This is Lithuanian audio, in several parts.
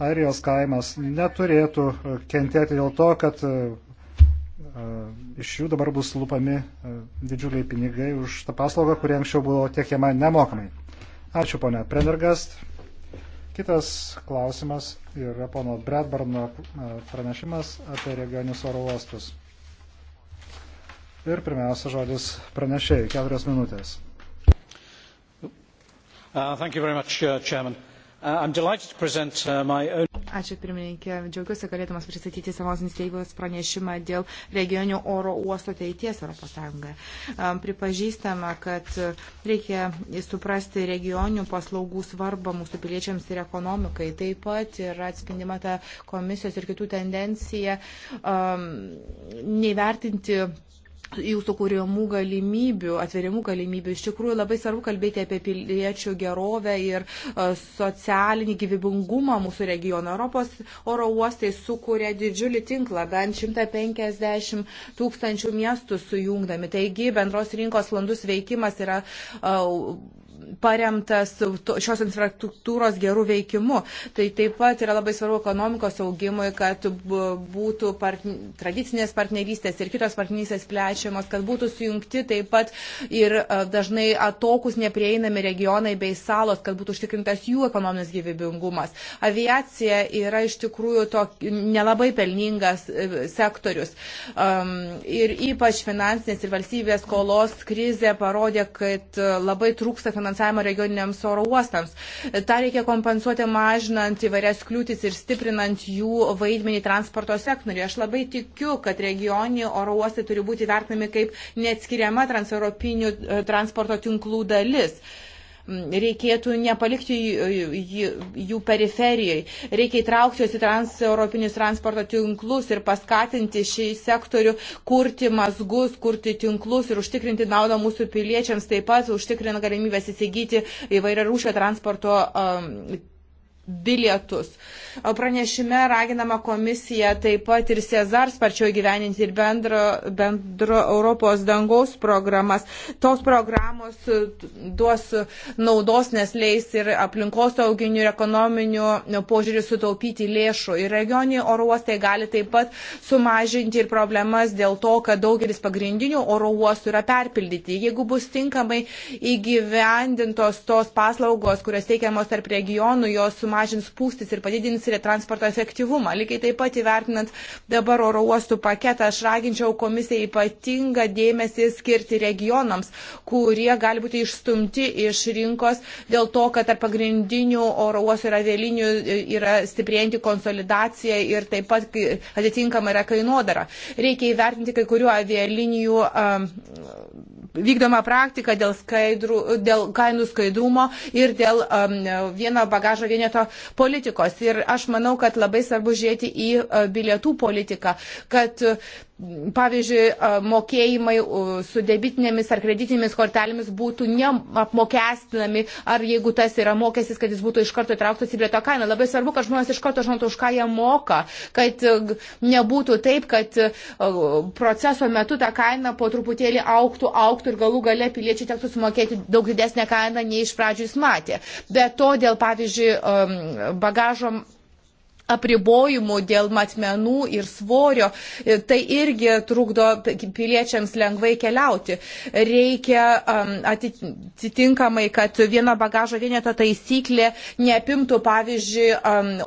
Airijos kaimas neturėtų kentėti dėl to, kad e, e, iš jų dabar bus lupami e, didžiuliai pinigai už tą paslaugą, kuri anksčiau buvo tiekiama nemokamai. Ačiū, ponia Prendergast. Kitas klausimas yra pono Bradbarno pranešimas apie regionius oro uostus. Ir pirmiausia žodis pranešėjai, keturios minutės. Uh, much, uh, Uh, uh, Ačiū pirmininkė, džiaugiuosi galėdamas pristatyti savos įsteigos pranešimą dėl regionių oro uosto ateities ES. Um, pripažįstama, kad uh, reikia suprasti regionių paslaugų svarbą mūsų piliečiams ir ekonomikai. Taip pat yra atspindima ta komisijos ir kitų tendencija um, nevertinti jūsų kūrimų galimybių, atveriamų galimybių. Iš tikrųjų labai svarbu kalbėti apie piliečių gerovę ir e, socialinį gyvybingumą mūsų regiono. Europos oro uostai sukūrė didžiulį tinklą, bent 150 tūkstančių miestų sujungdami. Taigi bendros rinkos landus veikimas yra e, paremtas šios infrastruktūros gerų veikimu. Tai taip pat yra labai svarbu ekonomikos augimui, kad būtų partn tradicinės partnerystės ir kitos partnerystės plečiamos, kad būtų sujungti taip pat ir e, dažnai atokus neprieinami regionai bei salos, kad būtų užtikrintas jų ekonominis gyvybingumas. Aviacija yra iš tikrųjų tok, nelabai pelningas e, sektorius. Um, ir ypač finansinės ir valstybės skolos krizė parodė, kad e, labai trūksta finansavimo finansavimo regioniniams oro uostams. Ta reikia kompensuoti mažinant įvairias kliūtis ir stiprinant jų vaidmenį transporto sektoriuje. Aš labai tikiu, kad regioniniai oro uostai turi būti vertinami kaip neatskiriama transeuropinių e, transporto tinklų dalis. Uh, reikėtų nepalikti jų periferijoje. Reikia įtraukti juos į trans, europinius transporto tinklus ir paskatinti šį sektorių kurti mazgus, kurti tinklus ir užtikrinti naudą mūsų piliečiams, taip pat užtikrinant galimybės įsigyti įvairią rūšę transporto um, bilietus. Pranešime raginama komisija taip pat ir Cezar sparčiau įgyveninti ir bendro, bendro Europos dangaus programas. Tos programos e, duos naudos, nes leis ir aplinkosauginių ir ekonominių e, požiūrių sutaupyti lėšų. Ir regioniai oro uostai gali taip pat sumažinti ir problemas dėl to, kad daugelis pagrindinių oro uostų yra perpildyti. Jeigu bus tinkamai įgyvendintos tos paslaugos, kurias teikiamos tarp regionų, jos sumažins pūstis ir padidins ir transporto efektyvumą. Lygiai taip pat įvertinant dabar oro uostų paketą, aš raginčiau komisiją ypatingą dėmesį skirti regionams, kurie gali būti išstumti iš rinkos dėl to, kad tarp pagrindinių oro uostų ir avialinių e, yra stiprėjanti konsolidacija ir taip pat atitinkama yra kainodara. Reikia įvertinti kai kurių avialinijų um, vykdomą praktiką dėl, skaidrų, dėl kainų skaidrumo ir dėl um, vieno bagažo vieneto mokesčio politikos. Ir aš manau, kad labai svarbu žiūrėti į e, bilietų politiką, kad pavyzdžiui, mokėjimai su debitinėmis ar kreditinėmis kortelėmis būtų neapmokestinami, ar jeigu tas yra mokestis, kad jis būtų iš karto įtrauktas į bilieto kainą. Labai svarbu, kad žmonės iš karto žinotų, už ką jie moka, kad e, nebūtų taip, kad e, proceso metu ta kaina po truputėlį auktų, auktų ir galų gale piliečiai tektų sumokėti daug didesnę kainą, nei iš pradžių jis matė. Be to, dėl, pavyzdžiui, bagažom apribojimų dėl matmenų ir svorio, e, tai irgi trukdo piliečiams lengvai keliauti. Reikia atitinkamai, kad vieno bagažo vieneto taisyklė neapimtų, pavyzdžiui,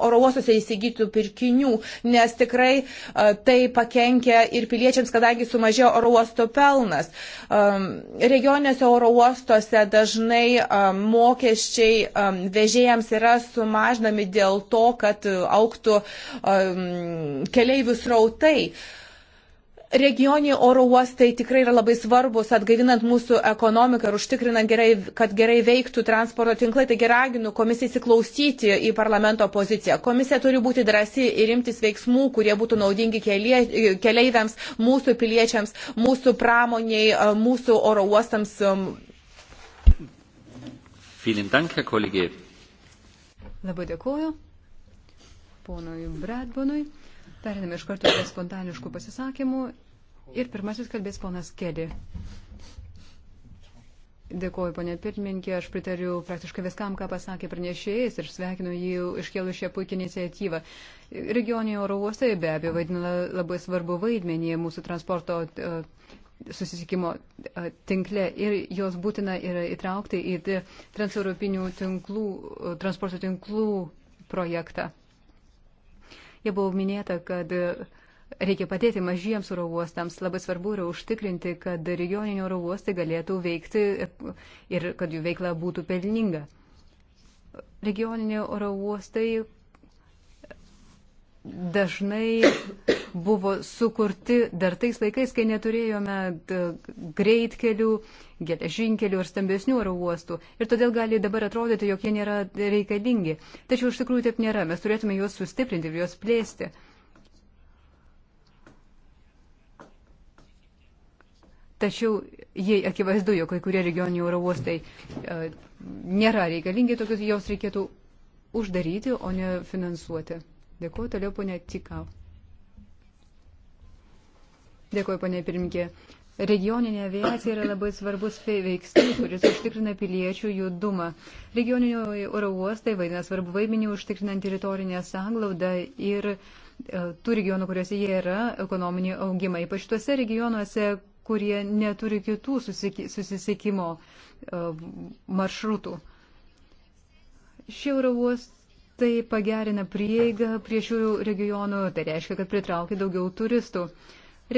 oro uostuose įsigytų pirkinių, nes tikrai e, tai pakenkia ir piliečiams, kadangi sumažėjo oro uosto pelnas. Regioniuose oro uostuose dažnai mokesčiai vežėjams yra sumažinami dėl to, kad auks išauktų um, keleivių srautai. Regioniai oro uostai tikrai yra labai svarbus, atgaivinant mūsų ekonomiką ir užtikrinant, gerai, kad gerai veiktų transporto tinklai. Taigi raginu komisiją įsiklausyti į parlamento poziciją. Komisija turi būti drąsi ir imtis veiksmų, kurie būtų naudingi kelie, keleiviams, mūsų piliečiams, mūsų pramoniai, mūsų oro uostams. Vielen Dank, Herr Kollege. Labai dėkuoju ponui Bradbonui. Periname iš karto prie spontaniškų pasisakymų. Ir pirmasis kalbės ponas Kedi. Dėkuoju, ponė pirmininkė, aš pritariu praktiškai viskam, ką pasakė pranešėjas ir sveikinu jį iškėlus šią puikią iniciatyvą. Regioniai oro uostai be abejo vaidina labai svarbu vaidmenį mūsų transporto e, susisiekimo e, tinkle ir jos būtina yra įtraukti į transeuropinių tinklų, transporto tinklų projektą. Jau buvo minėta, kad reikia padėti mažiems oro uostams. Labai svarbu yra užtikrinti, kad regioninio oro uostai galėtų veikti ir kad jų veikla būtų pelninga. Regioniniai oro uostai dažnai buvo sukurti dar tais laikais, kai neturėjome e, greitkelių, geležinkelių ir stambesnių oro uostų. Ir todėl gali dabar atrodyti, jog jie nėra reikalingi. Tačiau iš tikrųjų taip nėra. Mes turėtume juos sustiprinti ir juos plėsti. Tačiau jei akivaizdu, jog kai kurie regioniniai oro uostai e, nėra reikalingi, tokius jos reikėtų uždaryti, o ne finansuoti. Dėkuoju toliau, ponė Tikau. Dėkuoju, ponė pirmininkė. Regioninė aviacija yra labai svarbus veiksnys, kuris užtikrina piliečių judumą. Regioninių oro uostai vaidina svarbu vaidmenį užtikrinant teritorinę sanglaudą ir e, tų regionų, kuriuose jie yra, ekonominį augimą. Ypač tuose regionuose, kurie neturi kitų susisiekimo e, maršrutų. Šie oro uostai tai pagerina prieigą prie šių regionų, tai reiškia, kad pritraukia daugiau turistų.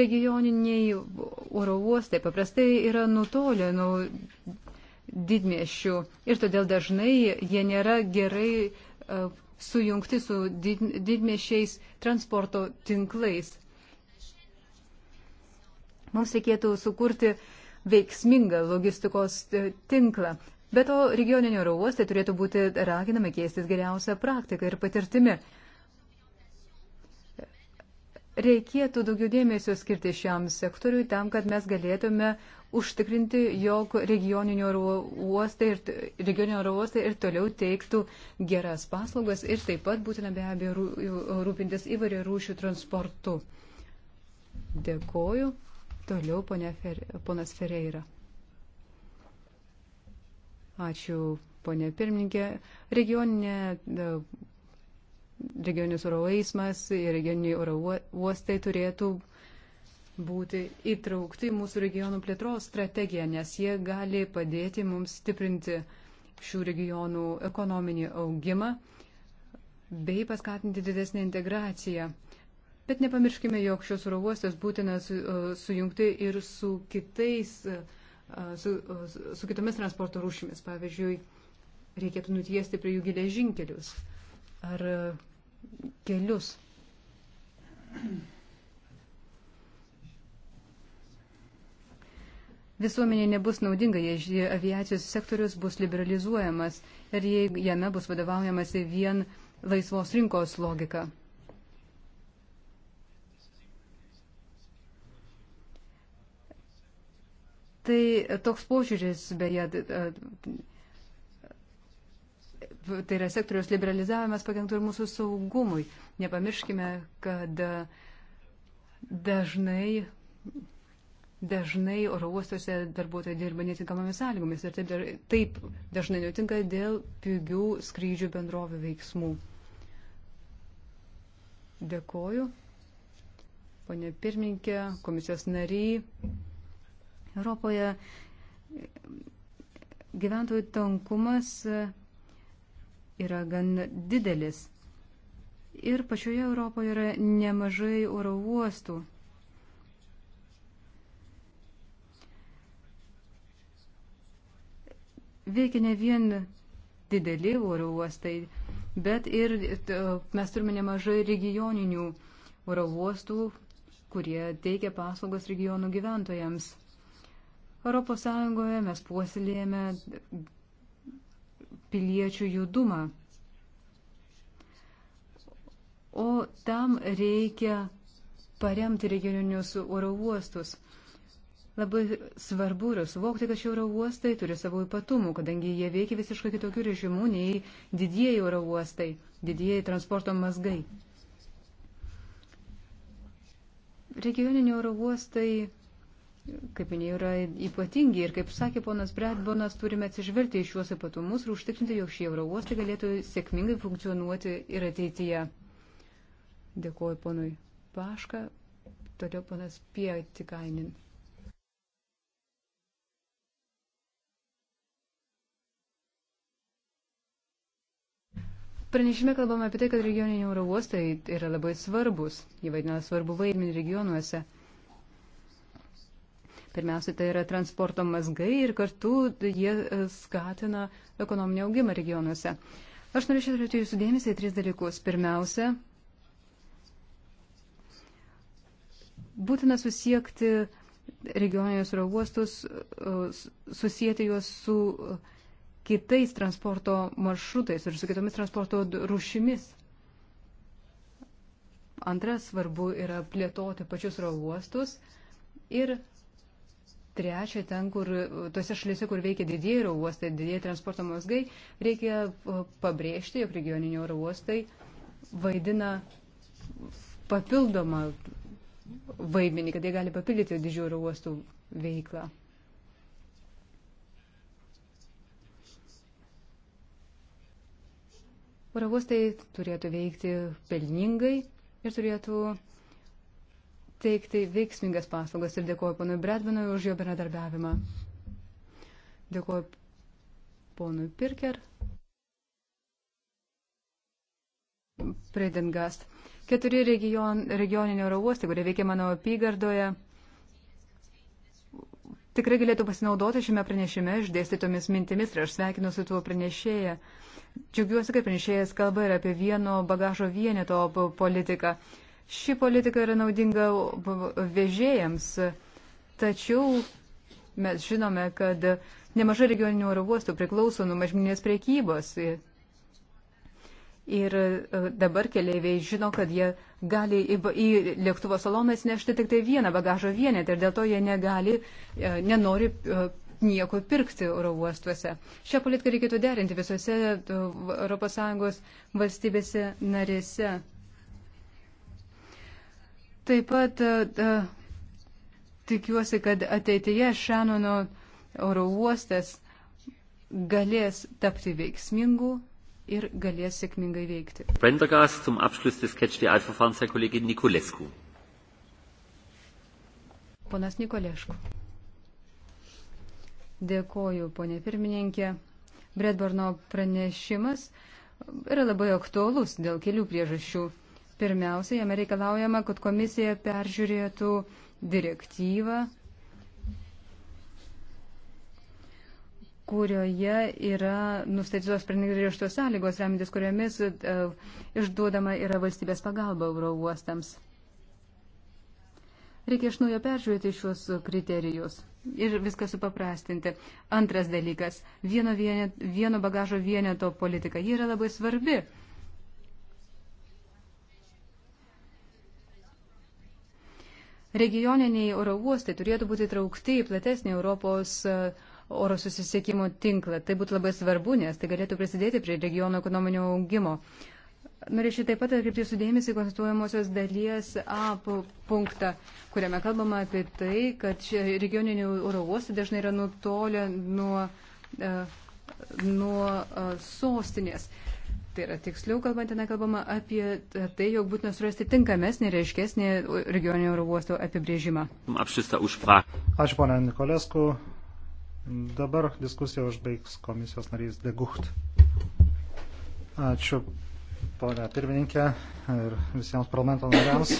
Regioniniai oro uostai paprastai yra nutolę nuo didmiešių ir todėl dažnai jie nėra gerai uh, sujungti su did, didmiešiais transporto tinklais. Mums reikėtų sukurti veiksmingą logistikos e, tinklą. Be to, regioninio oro uostai turėtų būti raginami keistis geriausią praktiką ir patirtimi. Reikėtų daugiau dėmesio skirti šiam sektoriui tam, kad mes galėtume užtikrinti, jog regioninio oro uostai ir, regioninio oro uostai ir toliau teiktų geras paslaugas ir taip pat būtina be abejo rūpintis įvairių rūšių transportu. Dėkoju. Toliau ponas Ferreira. Ačiū, ponė pirmininkė. Regioninė, regioninis oro eismas ir regioniniai oro uostai turėtų būti įtraukti mūsų regionų plėtros strategiją, nes jie gali padėti mums stiprinti šių regionų ekonominį augimą bei paskatinti didesnį integraciją. Bet nepamirškime, jog šios oro uostas būtina e, sujungti ir su kitais uh, su, su kitomis transporto rūšimis. Pavyzdžiui, reikėtų nutiesti prie jų geležinkelius ar kelius. Visuomenė nebus naudinga, jei aviacijos sektorius bus liberalizuojamas ir jei jame bus vadovaujamasi vien laisvos rinkos logika. Tai toks požiūris, beje, tai yra sektoriaus liberalizavimas pakenktų ir mūsų saugumui. Nepamirškime, kad dažnai, dažnai oro uostuose darbuotojai dirba netinkamomis sąlygomis ir taip, taip dažnai nutinka dėl pigių skrydžių bendrovių veiksmų. Dėkoju. Pone pirmininkė, komisijos nariai. Europoje gyventojų tankumas yra gan didelis. Ir pačioje Europoje yra nemažai oro uostų. Veikia ne vien dideli oro uostai, bet ir e, mes turime nemažai regioninių oro uostų, kurie teikia paslaugas regionų gyventojams. Europos Sąjungoje mes puoselėjame piliečių judumą. O tam reikia paremti regioninius oro uostus. Labai svarbu yra suvokti, kad šie oro uostai turi savo ypatumų, kadangi jie veikia visiškai kitokių režimų nei didieji oro uostai, didieji transporto mazgai. Regioniniai oro uostai kaip minėjau, yra ypatingi ir, kaip sakė ponas Bradbonas, turime atsižvelgti į šiuos ypatumus ir užtikrinti, jog šie euro uostai galėtų sėkmingai funkcionuoti ir ateityje. Dėkuoju ponui Paška, toliau ponas Pietikainin. Pranešime kalbame apie tai, kad regioniniai oro uostai yra labai svarbus, jie vaidina svarbu vaidmenį regionuose. Pirmiausia, tai yra transporto mazgai ir kartu jie e, skatina ekonominį augimą regionuose. Aš norėčiau atkreipti jūsų dėmesį į tris dalykus. Pirmiausia, būtina susiekti regioninius rauostus, e, susijęti juos su kitais transporto maršrutais ir su kitomis transporto rušimis. Antras svarbu yra plėtoti pačius rauostus ir Trečia, ten, kur tose šalyse, kur veikia didieji oro uostai, didieji transporto mazgai, reikia pabrėžti, jog regioniniai oro uostai vaidina papildomą vaidmenį, kad jie gali papildyti didžiųjų oro uostų veiklą. Oro uostai turėtų veikti pelningai ir turėtų teikti veiksmingas paslaugas ir dėkoju ponui Bredvinui už jo bendradarbiavimą. Dėkoju ponui Pirker. Predengast. Keturi region, regioninio oro uostai, kurie veikia mano apygardoje, tikrai galėtų pasinaudoti šiame pranešime išdėstytomis mintimis ir aš sveikinu su tuo pranešėja. Džiaugiuosi, kad pranešėjas kalba ir apie vieno bagažo vieneto politiką. Ši politika yra naudinga vežėjams, tačiau mes žinome, kad nemažai regioninių oro uostų priklauso nuo mažminės priekybos. Ir e, dabar keliaiviai žino, kad jie gali į, į lėktuvo saloną įsinešti tik tai vieną bagažo vienetą ir dėl to jie negali, e, nenori e, nieko pirkti oro uostuose. Šią politiką reikėtų derinti visose ES valstybėse narėse. Taip pat e, e, tikiuosi, kad ateityje Šenono oro uostas galės tapti veiksmingų ir galės sėkmingai veikti. Prendergast zum Abschluss des Catch the Eye Verfahrens Herr Kollege Nikolescu. Ponas Nikolescu. Dėkoju, ponė pirmininkė. Bredborno pranešimas yra labai aktuolus dėl kelių priežasčių. Pirmiausia, jame reikalaujama, kad komisija peržiūrėtų direktyvą, kurioje yra nustatytos pernigrieštos sąlygos, remintis kuriomis e, išduodama yra valstybės pagalba euro uostams. Reikia iš naujo peržiūrėti šios kriterijus ir viską supaprastinti. Antras dalykas - vieno, vienet, vieno bagažo vieneto politika. Ji yra labai svarbi Regioniniai oro uostai turėtų būti traukti į platesnį Europos e, oro susisiekimo tinklą. Tai būtų labai svarbu, nes tai galėtų prisidėti prie regiono ekonominio augimo. Norėčiau taip pat atkreipti sudėmėsi konstituojamosios dalies A punktą, kuriame kalbama apie tai, kad regioninių oro uostų dažnai yra nutolę nuo, e, nuo e, sostinės. Tai yra tiksliau, kalbant ten kalbama apie tai, jog būtina surasti tinkamesnį, reiškesnį regioninio oro uosto apibrėžimą. Ačiū, ponia Nikolesku. Dabar diskusiją užbaigs komisijos narys Degucht. Ačiū, ponia pirmininkė ir visiems parlamento nariams.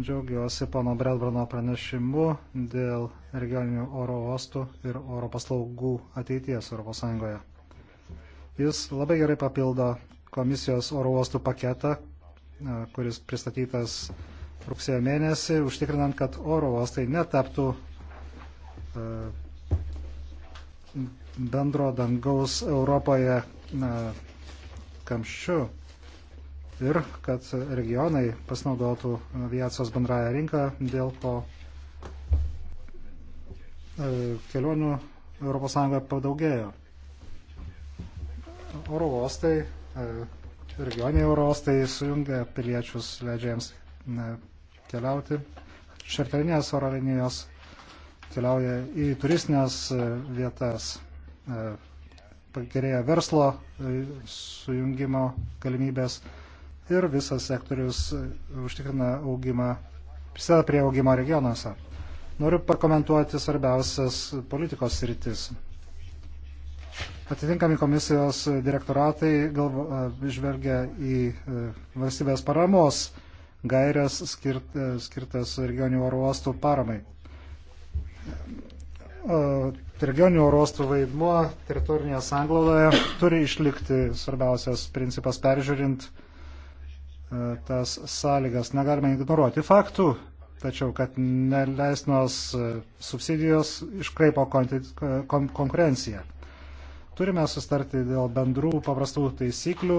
Džiaugiuosi pono Bredbrano pranešimu dėl regioninių oro uostų ir oro paslaugų ateities Europos Sąjungoje. Jis labai gerai papildo komisijos oro uostų paketą, kuris pristatytas rugsėjo mėnesį, užtikrinant, kad oro uostai netaptų bendro dangaus Europoje kamščiu ir kad regionai pasinaudotų aviacijos bendrąją rinką, dėl ko kelionių ES padaugėjo oro uostai, e, regioniai oro uostai sujungia piliečius, leidžia jiems e, keliauti. Šarterinės oro linijos keliauja į turistinės e, vietas, pagerėja verslo sujungimo galimybės ir visas sektorius užtikrina augimą, prisideda prie augimo regionuose. Noriu pakomentuoti svarbiausias politikos rytis. Atitinkami komisijos direktoratai galvo, žvelgia į e, valstybės paramos gairias skirt, e, skirtas regionių oro uostų paramai. Regionių oro uostų vaidmuo teritorinėje sanglaudoje turi išlikti svarbiausias principas peržiūrint e, tas sąlygas. Negalime ignoruoti faktų, tačiau kad neleisnos subsidijos iškraipo konkurenciją. Turime sustarti dėl bendrų paprastų taisyklių,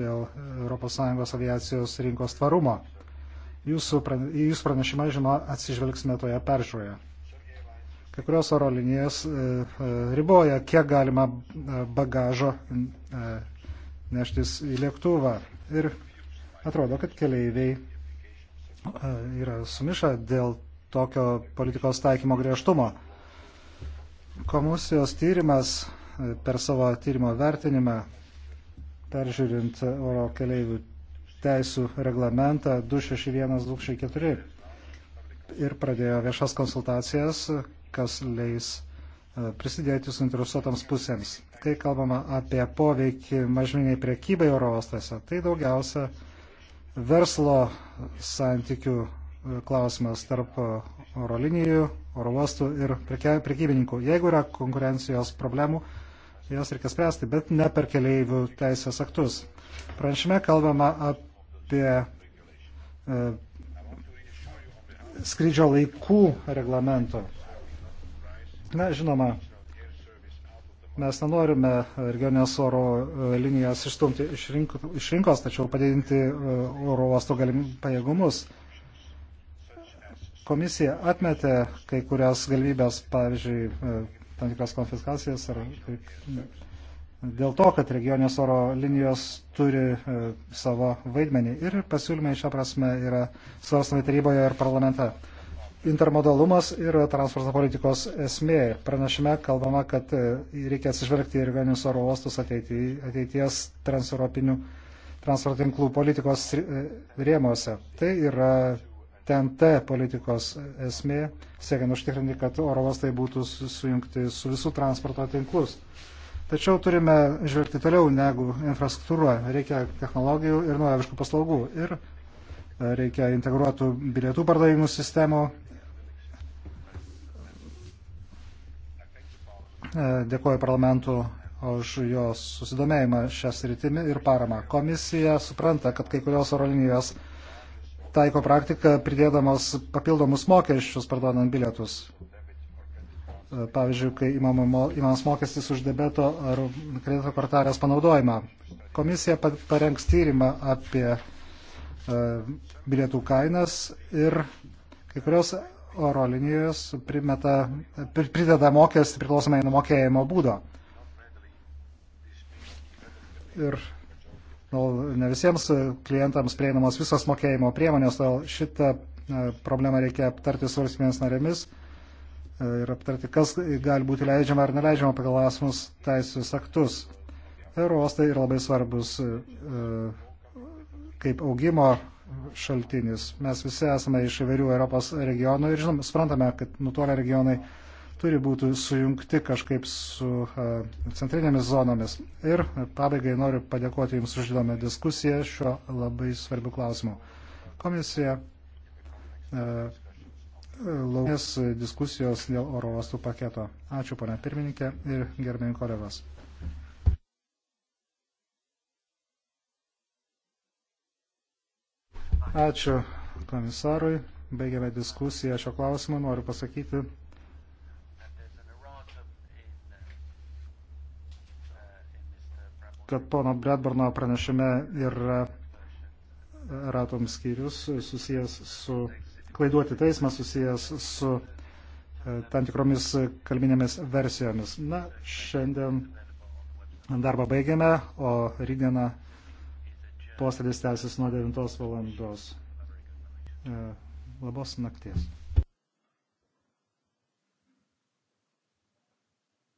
dėl ES aviacijos rinkos tvarumo. Jūsų, į jūsų pranešimą, žinoma, atsižvelgsime toje peržiūroje. Kai kurios oro linijas e, e, riboja, kiek galima e, bagažo neštis į lėktuvą. Ir atrodo, kad keleiviai yra sumišę dėl tokio politikos taikymo griežtumo. Komisijos tyrimas e, per savo tyrimo vertinimą, peržiūrint oro keleivių teisų reglamentą 261-264 ir pradėjo viešas konsultacijas, kas leis e, prisidėti suinteresuotams pusėms. Kai kalbama apie poveikį mažminiai priekybai oro uostose, tai daugiausia verslo santykių e, klausimas tarp oro linijų, oro uostų ir prekybininkų. Jeigu yra konkurencijos problemų, jas reikia spręsti, bet ne per keleivių teisės aktus. Pranešime kalbama apie e, skrydžio laikų reglamento. Na, žinoma, mes nenorime regionės oro e, linijas išstumti iš, rink, iš rinkos, tačiau padidinti e, oro uosto galim, pajėgumus. Komisija atmetė kai kurias galimybės, pavyzdžiui, e, tam tikras konfiskacijas ar dėl to, kad regionės oro linijos turi e, savo vaidmenį ir pasiūlymai šią prasme yra svarstami taryboje ir parlamente. Intermodalumas ir transporto politikos esmė. Pranešime kalbama, kad e, reikia atsižvelgti ir vienus oro uostus ateities transeuropinių transporto tinklų politikos rėmose. Tai yra TNT politikos esmė, siekiant užtikrinti, kad oro uostai būtų sujungti su visų transporto tinklus. Tačiau turime žvelgti toliau negu infrastruktūra. Reikia technologijų ir naujoviškų paslaugų. Ir e, reikia integruotų bilietų pardavimų sistemų. E, Dėkuoju parlamentu už jos susidomėjimą šią sritimį ir paramą. Komisija supranta, kad kai kurios oro linijos taiko praktiką pridėdamos papildomus mokesčius parduodant bilietus. E, pavyzdžiui, kai įmamas mokestis už debeto ar kredito kortelės panaudojimą. Komisija parengs tyrimą apie e, bilietų kainas ir kai kurios oro linijos primeta, prideda mokestį priklausomai nuo mokėjimo būdo. Ir Nu, ne visiems klientams prieinamos visos mokėjimo priemonės, todėl šitą e, problemą reikia aptarti su valstybėmis narėmis e, ir aptarti, kas gali būti leidžiama ar neleidžiama pagal asmus teisės aktus. Eurostai yra labai svarbus e, kaip augimo šaltinis. Mes visi esame iš įvairių Europos regionų ir žinom, suprantame, kad nutolę regionai turi būti sujungti kažkaip su centrinėmis zonomis. Ir pabaigai noriu padėkoti Jums už įdomią diskusiją šio labai svarbiu klausimu. Komisija laukės diskusijos dėl oro uostų paketo. Ačiū, ponia pirmininkė ir gerbėjim kolegos. Ačiū komisarui. Baigiame diskusiją šio klausimu. Noriu pasakyti, kad pono Bradburno pranešime yra e, ratom skyrius susijęs su klaiduoti teismas susijęs su e, tam tikromis kalbinėmis versijomis. Na, šiandien darbą baigiame, o rydieną posėdis tęsis nuo 9 valandos. E, labos nakties.